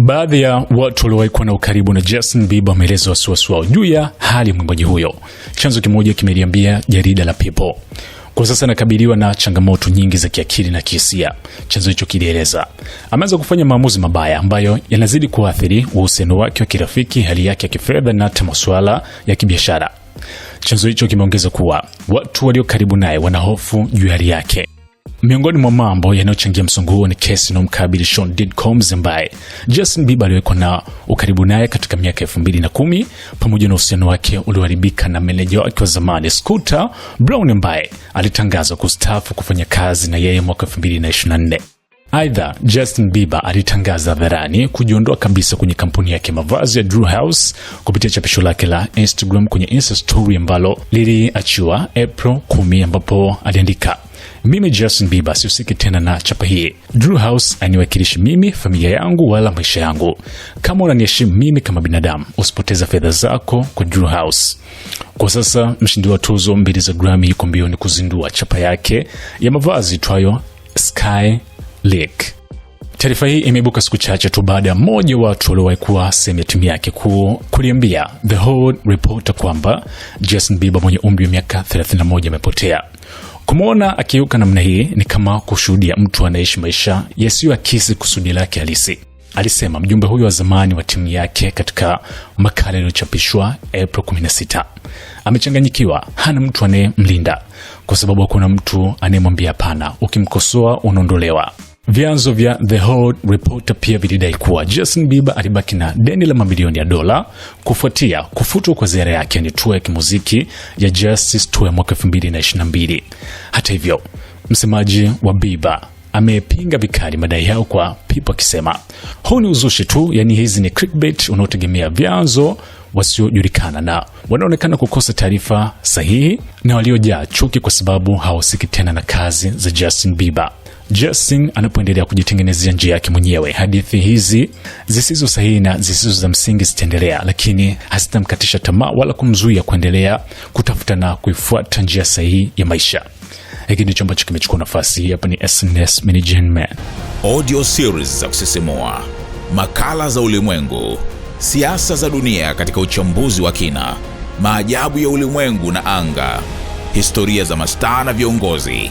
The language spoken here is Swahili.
Baadhi ya watu waliowahi kuwa na ukaribu na Justin Bieber wameeleza wasiwasi wao juu ya hali ya mwimbaji huyo. Chanzo kimoja kimeliambia jarida la People kwa sasa anakabiliwa na changamoto nyingi za kiakili na kihisia. Chanzo hicho kilieleza ameanza kufanya maamuzi mabaya ambayo yanazidi kuathiri uhusiano wake wa kirafiki, hali yake ya kifedha na hata masuala ya kibiashara. Chanzo hicho kimeongeza kuwa watu walio karibu naye wanahofu juu ya hali yake Miongoni mwa mambo yanayochangia msongo huo ni kesi inayomkabili Sean Diddy Combs ambaye Justin Bieber aliwekwa na ukaribu naye katika miaka elfu mbili na kumi pamoja na uhusiano wake ulioharibika na meneja wake wa zamani Scooter Brown ambaye alitangaza kustaafu kufanya kazi na yeye mwaka nne. Aidha, Justin Bieber alitangaza hadharani kujiondoa kabisa kwenye kampuni yake mavazi ya Drew House kupitia chapisho lake la Instagram kwenye Insta story ambalo liliachiwa April 10 ambapo aliandika mimi Justin Bieber, sihusiki tena na chapa hii. Drew House aniwakilishi mimi, familia yangu, wala maisha yangu. Kama unaniheshimu mimi kama binadamu, usipoteza fedha zako kwa Drew House. Kwa sasa mshindi wa tuzo mbili za Grammy yuko mbioni kuzindua chapa yake ya mavazi itwayo Sky Lake. Taarifa hii imeibuka siku chache tu baada ya mmoja wa watu waliowahi kuwa sehemu ya timu yake kuu kuliambia The Hollywood Reporter kwamba Justin Bieber mwenye umri wa miaka 31 amepotea. Kumwona akiuka namna hii ni kama kushuhudia mtu anaishi maisha yasiyoakisi kusudi lake halisi, alisema mjumbe huyo wa zamani wa timu yake katika makala yaliyochapishwa April 16. Amechanganyikiwa, hana mtu anayemlinda kwa sababu hakuna mtu anayemwambia hapana. Ukimkosoa unaondolewa. Vyanzo vya The Hollywood Reporter pia vilidai kuwa Justin Bieber alibaki na deni la mamilioni ya dola kufuatia kufutwa kwa ziara yake yani tour ya kimuziki ya Justice Tour ya mwaka 2022. Hata hivyo, msemaji wa Bieber amepinga vikali madai yao kwa pipo akisema, huu ni uzushi tu, yani hizi ni clickbait unaotegemea vyanzo wasiojulikana na wanaonekana kukosa taarifa sahihi na waliojaa chuki kwa sababu hawahusiki tena na kazi za Justin Bieber. Justin anapoendelea kujitengenezea njia yake mwenyewe. Hadithi hizi zisizo sahihi na zisizo za msingi zitaendelea, lakini hazitamkatisha tamaa wala kumzuia kuendelea kutafuta na kuifuata njia sahihi ya maisha. Hiki ndicho ambacho kimechukua nafasi Hapa ni SNS Man, audio series za kusisimua, makala za ulimwengu, siasa za dunia katika uchambuzi wa kina, maajabu ya ulimwengu na anga, historia za mastaa na viongozi